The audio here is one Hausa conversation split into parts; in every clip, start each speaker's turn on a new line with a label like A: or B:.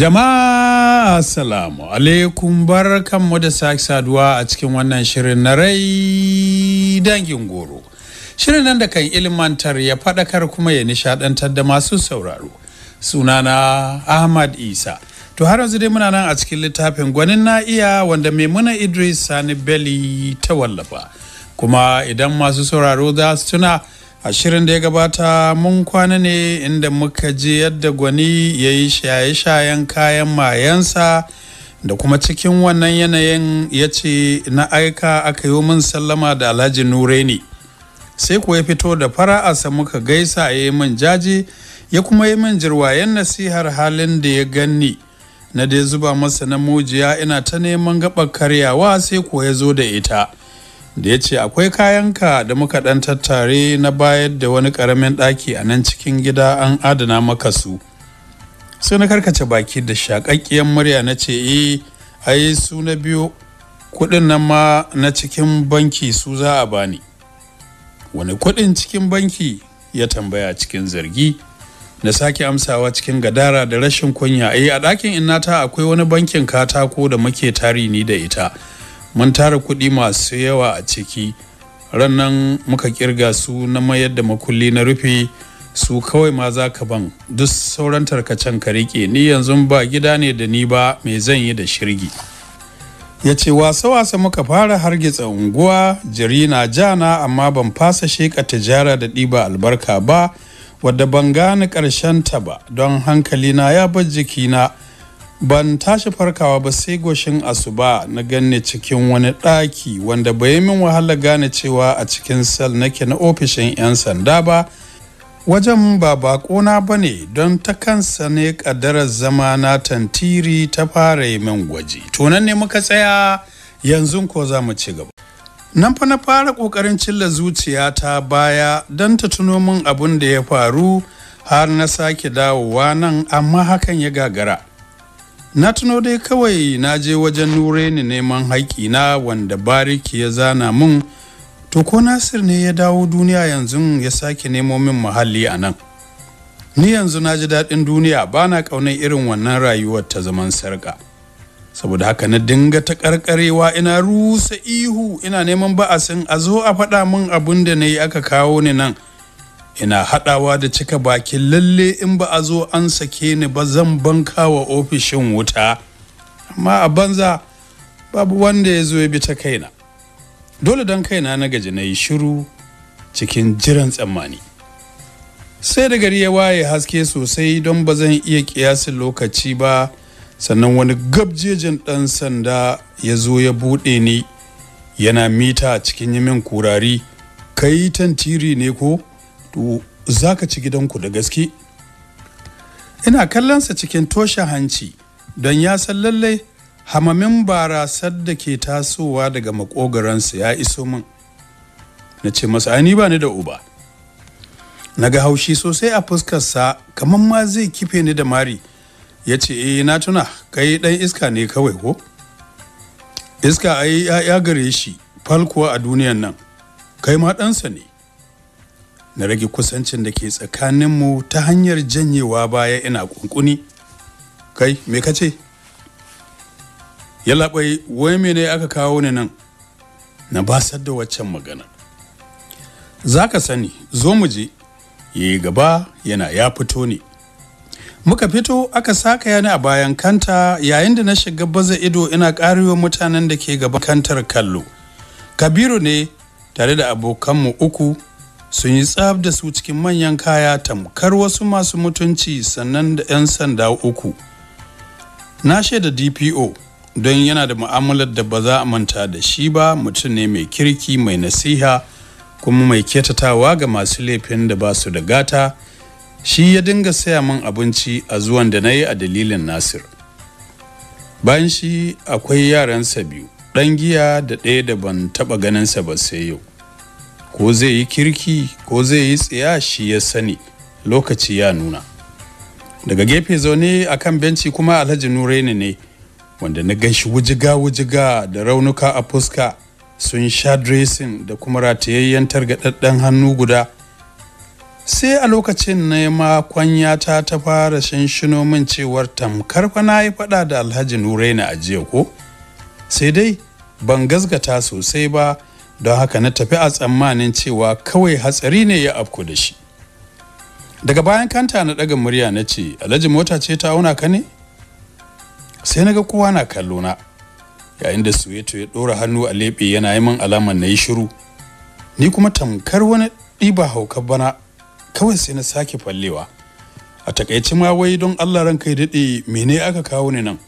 A: Jama'a Assalamu alaikum barkanmu da sake saduwa a cikin wannan shirin na rai dangin goro. Shirin nan da kan ilmantar ya faɗakar kuma ya nishaɗantar da masu sauraro. Sunana Ahmad Isa. To har yanzu dai muna nan a cikin littafin gwanin na iya wanda Maimuna Idris Sani belly ta wallafa. Kuma idan masu sauraro za su tuna ashirin da ya gabata mun kwana ne inda muka je yadda gwani ya yi shaye-shayen kayan mayansa da kuma cikin wannan yanayin ya ce na aika aka yi min sallama da alhaji nureni sai kuwa ya fito da fara'arsa muka gaisa ya yi min jaji ya kuma yi min jirwayen nasihar halin da ya ganni na dai zuba masa na mujiya ina ta neman gaɓar karyawa sai kuwa ya zo da ita da ya ce akwai kayanka da muka dan tattare na bayar da wani karamin ɗaki a nan cikin gida an adana maka su sai na karkace baki da shaƙaƙƙiyar murya na ce e ai su na biyo kuɗin nan ma na cikin banki su za a bani wani kuɗin cikin banki ya tambaya cikin zargi na sake amsawa cikin gadara da rashin kunya E, a ɗakin innata akwai wani bankin katako da muke tari ni da ita mun tara kuɗi masu yawa a ciki rannan muka kirga su na mayar da makulli na rufe su kawai ma za ka ban duk sauran tarkacen ka rike ni yanzu ba gida ne da ni ba mai zan yi da shirgi ya ce wasa-wasa muka fara hargitsa unguwa jiri na jana amma ban fasa sheka tijara da ɗiba albarka ba wadda ban gane ƙarshen ta ba don hankalina ya bar jikina ban tashi farkawa ba sai goshin asuba na ganne cikin wani ɗaki wanda bai min wahala gane cewa a cikin sal nake na ofishin 'yan sanda ba wajen ba bakona ba ne don ta kansa ne ƙaddarar zama na tantiri ta fara yi min gwaji tunan ne muka tsaya yanzu ko za mu ci gaba nan fa na fara ƙoƙarin cilla zuciya ta baya don ta tuno min abin da ya faru har na sake dawowa nan amma hakan ya gagara na tuno dai kawai na je wajen nure ni neman haƙƙi na wanda bariki ya zana mun to ko nasir ne ya dawo duniya yanzu ya sake nemo min muhalli a nan ni yanzu na ji daɗin duniya ba na ƙaunar irin wannan rayuwar ta zaman sarƙa saboda haka na dinga ta ƙarƙarewa ina rusa ihu ina neman ba'asin a zo a faɗa min abin da na yi aka kawo ni nan ina haɗawa da cika bakin lalle in ba a zo an sake ni ba zan banka wa ofishin wuta amma a banza babu wanda ya zo ya bi ta kaina dole don kaina na gaji na yi shiru cikin jiran tsammani sai da gari ya waye haske sosai don ba zan iya kiyasin lokaci ba sannan wani gabjejin ɗan sanda ya zo ya buɗe ni yana mita cikin yamin kurari kai tantiri ne ko to za ka ci gidanku da gaske ina kallonsa cikin toshe hanci don ya san lallai hamamin barasar da ke tasowa daga makogaransa ya iso min na ce masa Ani ba ni da uba Naga haushi sosai a fuskarsa kamar ma zai kife ni da mari ya ce eh na tuna kai dan iska ne kawai ko iska ai ya gare shi falkuwa a duniyan nan kai ma ɗansa ne na rage kusancin da ke tsakaninmu ta hanyar janyewa baya ina kunkuni kai me ka ce ya labai wai mene aka kawo ni nan na basar da waccan magana za ka sani zo mu je yi gaba yana ya fito ne muka fito aka saka yana a bayan kanta yayin da na shiga baza ido ina karewa mutanen da ke gaban kantar kallo kabiru ne tare da abokanmu uku sun yi tsab da su cikin manyan kaya tamkar wasu masu mutunci sannan da 'yan sanda uku na shaida dpo don yana da mu'amalar da ba za a manta da shi ba mutum ne mai kirki mai nasiha kuma mai ketatawa ga masu laifin da ba su da gata shi ya dinga saya min abinci a zuwan da na yi a dalilin nasir bayan shi akwai yaransa biyu ɗan giya da ɗaya da ban taɓa ganinsa ba sai yau ko zai yi kirki ko zai yi tsiya shi ya sani lokaci ya nuna daga gefe zaune a kan benci kuma alhaji nureni ne wanda na ganshi wujiga-wujiga da raunuka a fuska sun sha dressing da kuma ratayayyen targaɗaɗɗen hannu guda sai a lokacin na ma kwanyata ta fara shinshino min cewar tamkar na yi faɗa da alhaji nureni a jiya ko sai dai ban gazgata sosai ba don haka na tafi a tsammanin cewa kawai hatsari ne ya afko da shi daga bayan kanta na ɗaga murya na ce alhaji mota ce ta auna ka ne sai na ga kowa na kallo na yayin da suweto ya ɗora hannu a leɓe yana yi min alamar na yi shiru ni kuma tamkar wani ɗiba hauka bana kawai sai na sake fallewa a takaici ma wai don allah ranka kai daɗe mene aka kawo ni nan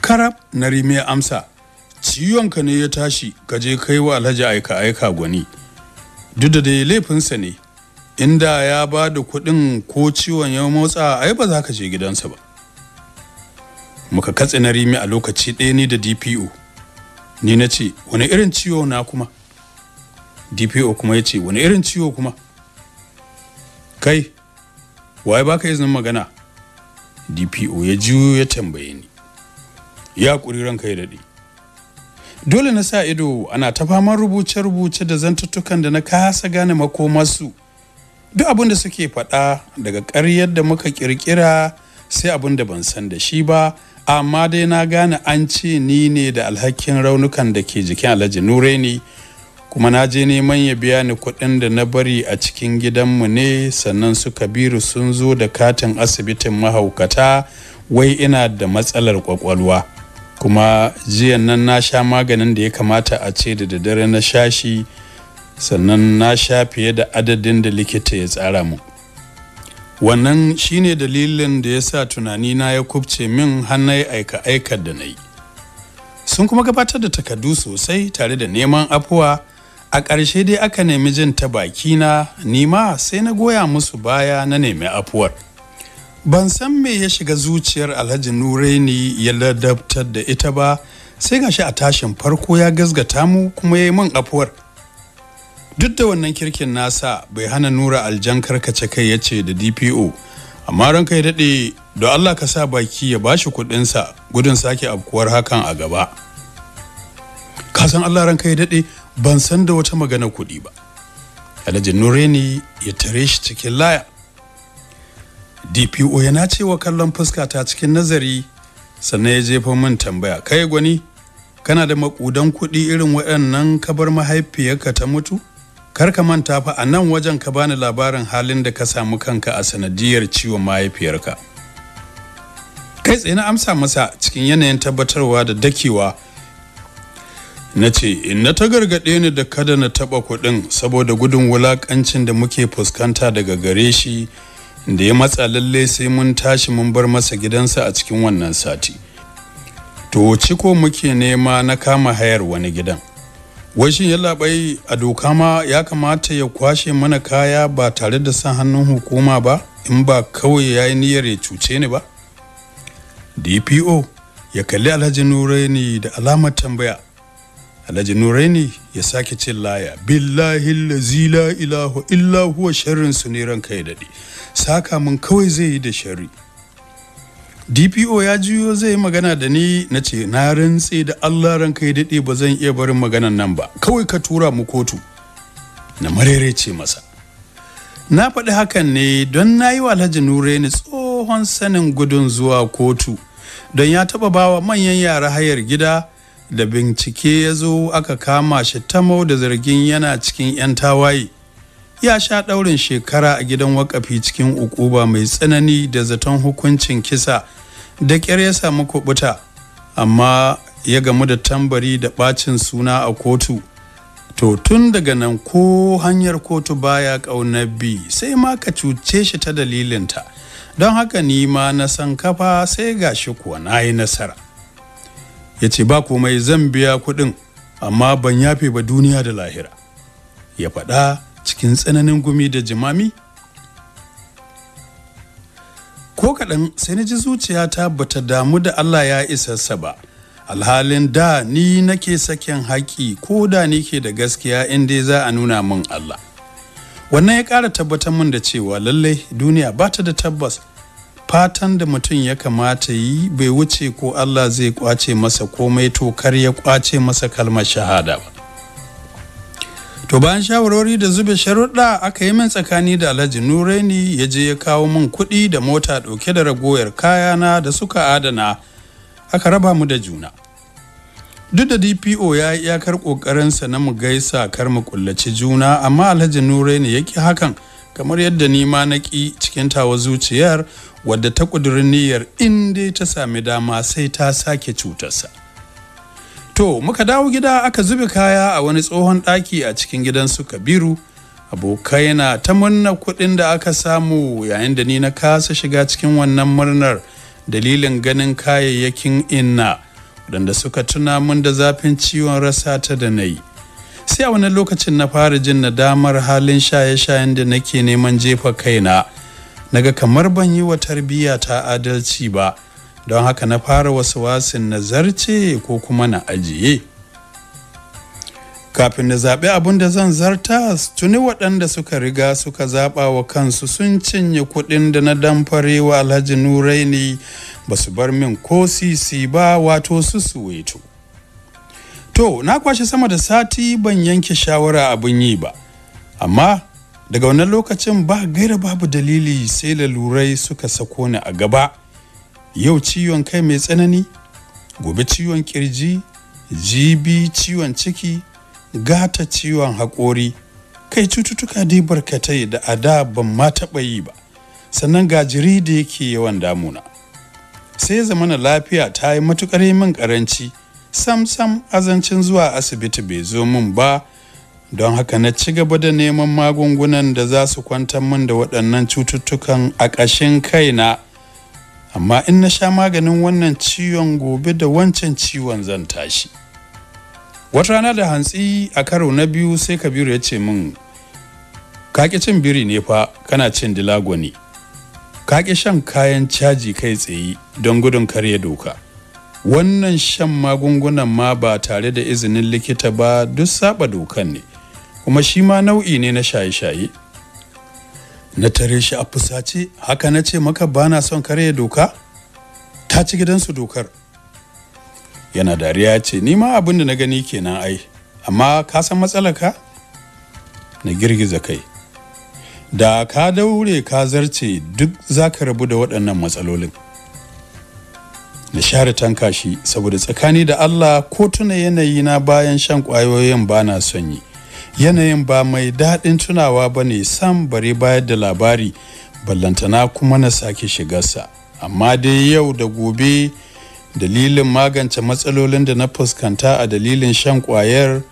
A: karab na rimiya amsa ciwonka ne ya tashi ka je kai wa alhaji aika aika gwani duk da dai laifinsa ne inda ya ba da kuɗin ko ciwon ya motsa ai ba za ka je gidansa ba muka katse na rimi a lokaci ɗaya ni da dpo ni na ce wani irin ciwo na kuma dpo kuma ya ce wani irin ciwo kuma kai waye baka izinin magana dpo ya juyo ya tambaye ni ya ƙuri ranka ya daɗe dole na sa ido ana ta faman rubuce-rubuce da zantuttukan da na kasa gane makomarsu duk abin da suke faɗa daga karyar da muka ƙirƙira sai abin da ban san da shi ba amma dai na gane an ce ni ne da alhakin raunukan da ke jikin alhaji nure ne kuma na je neman ya biya ni kuɗin da na bari a cikin gidanmu ne sannan su kabiru sun zo da katin asibitin mahaukata wai ina da matsalar kwakwalwa. kuma jiyan nan na sha maganin da ya kamata a ce da daddare na sha shi sannan na sha fiye da adadin da likita ya tsara mu wannan shine dalilin da ya sa tunani na ya kubce min hannai aika aikar da na yi sun kuma gabatar da takardu sosai tare da neman afuwa a ƙarshe dai aka nemi jin ta bakina nima sai na goya musu baya na nemi afuwar. ban san me ya shiga zuciyar alhaji nureni ya ladabtar da ita ba sai gashi a tashin farko ya gazgata mu kuma ya yi min afuwar duk da wannan kirkin nasa bai hana nura aljan karkace kai ya ce da dpo amma ran kai daɗe da allah ka sa baki ya ba shi kuɗinsa gudun sake afkuwar hakan a gaba ka san allah ran kai daɗe ban san da wata magana kuɗi ba alhaji nureni ya tare shi cikin laya dpo yana cewa kallon fuska ta cikin nazari sannan ya jefa min tambaya kai gwani kana da makudan kuɗi irin waɗannan ka bar mahaifiyarka ta mutu kar ka manta fa a nan wajen ka bani labarin halin da ka samu kanka a sanadiyar ciwon mahaifiyarka kai tsaye na amsa masa cikin yanayin tabbatarwa da dakewa na ce inna ta gargaɗe ni da kada na taɓa kuɗin saboda gudun wulaƙancin da muke fuskanta daga gare shi da ya matsa lalle sai mun tashi mun bar masa gidansa a cikin wannan sati to ciko muke nema na kama hayar wani gidan washin labai a doka ma ya kamata ya kwashe mana kaya ba tare da san hannun hukuma ba in ba kawai ya yi niyyar ya cuce ni ba dpo ya kalli alhaji nuraini da alamar tambaya alhaji nureni ya sake cin laya billahi lazi la ilahu illa huwa sharrin su ne ranka ya daɗe saka mun kawai zai yi da shari. dpo ya juyo zai yi magana da ni na ce na rantse da allah ranka ya daɗe ba zan iya barin maganan nan ba kawai ka tura mu kotu na marerece masa na faɗi hakan ne don na yi wa alhaji nureni tsohon sanin gudun zuwa kotu don ya taɓa bawa manyan yara hayar gida da bincike ya zo aka kama shi tamau da zargin yana cikin 'yan tawaye ya sha ɗaurin shekara a gidan wakafi cikin ukuba mai tsanani da zaton hukuncin kisa da ƙyar ya samu kubuta amma ya gamu da tambari da bacin suna a kotu to tun daga nan ko hanyar kotu baya ƙaunar bi sai ma ka cuce shi ta dalilinta don haka ni ma na san kafa sai ga shi kuwa na yi nasara ya ce ba komai zan biya kuɗin amma ban yafe ba duniya da lahira ya faɗa cikin tsananin gumi da jimami ko kaɗan sai na ji zuciyata ba ta damu da allah ya isarsa ba alhalin da ni nake saken haƙi ko da ni ke da gaskiya inda za a nuna min allah wannan ya ƙara tabbatar min da cewa lallai duniya ba ta da tabbas fatan da mutum ya kamata yi bai wuce ko Allah zai kwace masa komai to kar ya kwace masa kalmar shahada ba to bayan shawarwari da zube sharuɗa aka yi min tsakani da alhaji nureni ya je ya kawo min kuɗi da mota ɗauke da ragoyar kayana da suka adana aka raba mu da juna duk da dpo ya yi iyakar ƙoƙarinsa na mu gaisa kar mu kullaci juna amma alhaji nureni ya ki hakan kamar yadda ni ma na ƙi cikin tawa zuciyar wadda ta ƙudurin niyyar inda ta sami dama sai ta sake cutarsa to muka dawo gida aka zube kaya a wani tsohon ɗaki a cikin gidan su kabiru abokai na ta murna kuɗin da aka samu yayin da ni na kasa shiga cikin wannan murnar dalilin ganin kayayyakin inna waɗanda suka tuna mun da zafin ciwon rasa ta da na yi sai a wani lokacin na fara jin nadamar halin shaye-shayen da nake neman jefa kaina ga kamar ban yi wa tarbiyya ta adalci ba don haka na fara wasu wasin na zarce ko kuma na ajiye kafin na zaɓi abin da zan zarta tuni waɗanda suka riga suka zaɓa wa kansu sun cinye kuɗin da na damfare wa alhaji nuraini ba su bar min ko sisi ba wato su suweto to na kwashe sama da sati ban yanke shawara abin yi ba amma daga wannan lokacin ba gaira babu dalili sai lalurai suka sako ni a gaba yau ciwon kai mai tsanani gobe ciwon kirji jibi ciwon ciki gata ciwon haƙori kai cututtuka dai barkatai da a da ban ma taɓa yi ba sannan ga da yake yawan damuna sai zamana lafiya ta yi matuƙar min ƙaranci sam-sam azancin zuwa asibiti bai zo min ba don haka na ci gaba da neman magungunan da za su kwantar min da waɗannan cututtukan a ƙashin kaina amma in na sha maganin wannan ciwon gobe da wancan ciwon zan tashi wata rana da hantsi a karo na biyu sai kabiru ya ce min kaƙi cin biri ne fa kana cin dilago ne kaƙi shan kayan caji kai tsaye don gudun karya doka wannan shan magungunan ma ba tare da izinin likita ba duk saba dokan ne kuma shi ma nau'i ne na shaye-shaye na tare shi a fusace haka na ce maka ba na son karya doka ta ci gidansu dokar yana dariya ce ni ma abin da na gani kenan ai amma ka san matsalaka na girgiza kai da ka daure ka zarce duk za ka rabu da waɗannan matsalolin na share tanka shi saboda tsakani da Allah ko tuna yanayi na bayan shan kwayoyin ba na son yi yanayin ba mai daɗin tunawa ba ne sam bare bayar da labari ballantana kuma na sake shigarsa amma dai yau da gobe dalilin magance matsalolin da na fuskanta a dalilin shan kwayar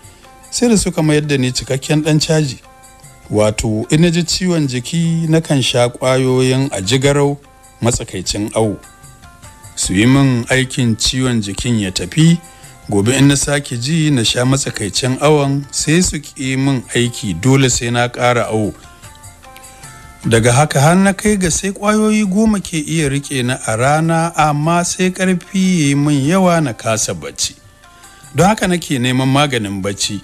A: sai da suka mayar da ni cikakken ɗan caji wato ina ji ciwon jiki na kan sha kwayoyin a jigarau matsakaicin awo su yi min aikin ciwon jikin ya tafi gobe in na sake ji na sha matsakaicin awon sai su ƙi min aiki dole sai na ƙara awo daga haka har na kai ga sai ƙwayoyi goma ke iya rike na a rana amma sai ƙarfi ya yi min yawa na kasa bacci don haka nake neman maganin bacci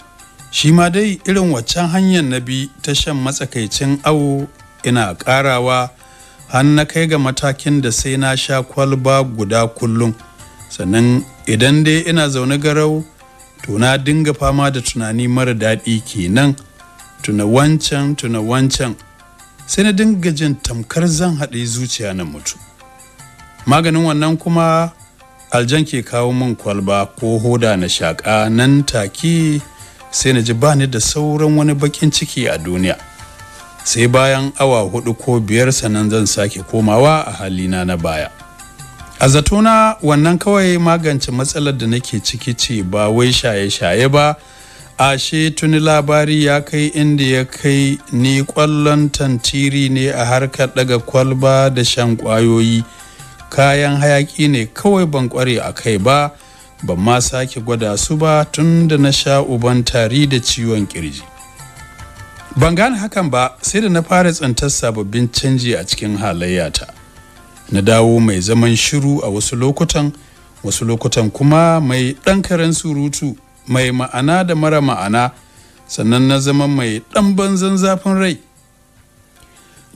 A: shi ma dai irin waccan hanyar na bi ta shan matsakaicin awo ina ƙarawa har na kai ga matakin da sai na sha kwalba guda kullum sannan idan dai ina zaune garau to na dinga fama da tunani mara daɗi kenan tuna wancan tuna wancan sai na dinga jin tamkar zan haɗe zuciya na mutu maganin wannan kuma aljan ke kawo min kwalba ko hoda na shaƙa nan take sai na ji bani da sauran wani bakin ciki a duniya sai bayan awa hudu ko biyar sannan zan sake komawa a halina na baya a zatona wannan kawai magance matsalar da nake ciki ce ba wai shaye-shaye ba ashe tuni labari ya kai inda ya kai ni kwallon tantiri ne a harkar daga kwalba da shan kwayoyi kayan hayaki ne kawai ban kware a kai ba ban ma sake gwada su ba tun da na sha uban tari da ciwon kirji ban gane hakan ba sai da na fara tsantar sababbin canji a cikin halayyata na dawo mai zaman shiru a wasu lokutan wasu lokutan kuma mai ɗan karen surutu mai ma'ana da mara ma'ana sannan na zama mai ɗan banzan zafin rai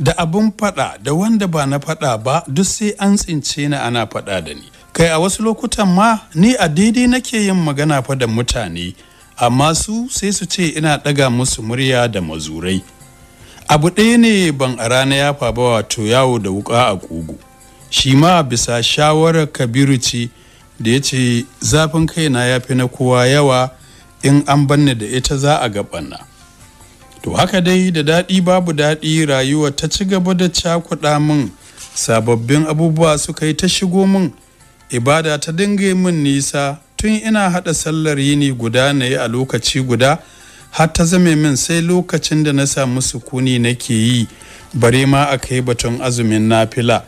A: da abin faɗa da wanda ba na faɗa ba duk sai an tsince na ana faɗa da ni kai a wasu lokutan ma ni a daidai nake yin magana fa da mutane amma su sai su ce ina daga musu murya da mazurai abu ɗaya ne ban a rana ya faɓa wato yawo da wuƙa a kogo shi ma bisa shawarar kabiru ce da ya ce zafin kaina ya fi na kowa yawa in an banne da ita za a gaɓana to haka dai da daɗi babu daɗi rayuwa ta ci gaba da cakuɗa min sababbin abubuwa suka yi ta shigo min ibada ta dinga min nisa tun ina haɗa sallar yini guda na yi a lokaci guda har ta zame min sai lokacin da na samu sukuni nake yi bare ma a kai batun azumin nafila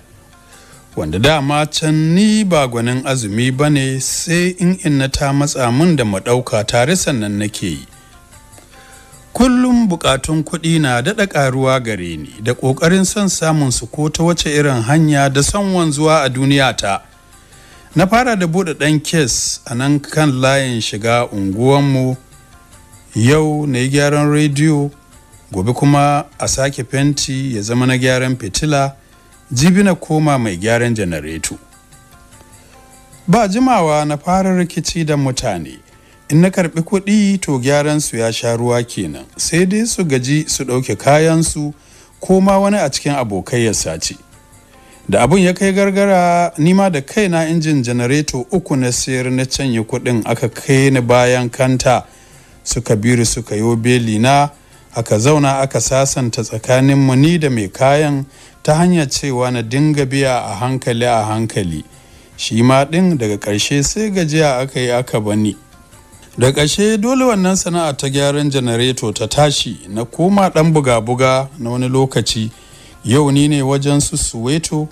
A: wanda dama can ni ba gwanin azumi ba ne sai in inna ta matsa min da maɗauka tare sannan nake yi kullum bukatun kuɗi na daɗa ƙaruwa gare ni da ƙoƙarin son samun su ko ta wace irin hanya da son wanzuwa a duniya ta na fara da buɗe ɗan kes a nan kan layin shiga unguwanmu yau na yi gyaran rediyo gobe kuma a sake fenti ya zama na gyaran fitila jibi na koma mai gyaran janareto ba jimawa na fara rikici da mutane in na karbi kuɗi to gyaran su ya sha ruwa kenan sai dai su gaji su ɗauke kayansu ko ma wani a cikin abokai ya sace da abun ya kai gargara nima da kaina injin janareto uku na sayar na canye kudin aka kai ni bayan kanta suka biri suka yo beli na aka zauna aka sasanta tsakanin mu ni da mai kayan ta hanyar cewa na dinga biya a hankali a hankali shi ma din daga ƙarshe sai gajiya aka yi aka bani da ƙashe dole wannan sana'a ta gyaran janareto ta tashi na koma ɗan buga-buga na wani lokaci yau ni ne wajen su suweto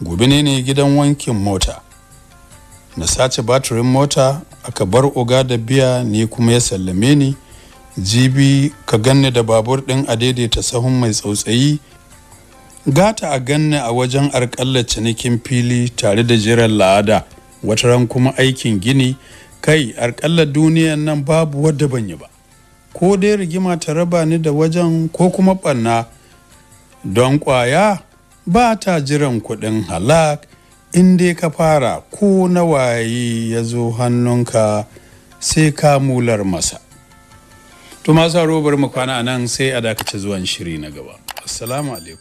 A: gobe ne ne gidan wankin mota na sace batirin mota aka bar oga da biya ne kuma ya sallame ni jibi ka ganni da babur ɗin a daidaita sahun mai tsautsayi gata a ganni a wajen arƙalla cinikin fili tare da jiran la'ada wata ran kuma aikin gini kai arƙalla duniyan nan babu wadda ban yi ba ko dai rigima ta raba ni da wajen ko kuma ɓanna don kwaya ba ta jiran kuɗin halak in dai ka fara ko na waye ya zo hannunka sai ka mular masa to masu robar mu kwana nan sai a dakace zuwan shiri na gaba assalamu alaikum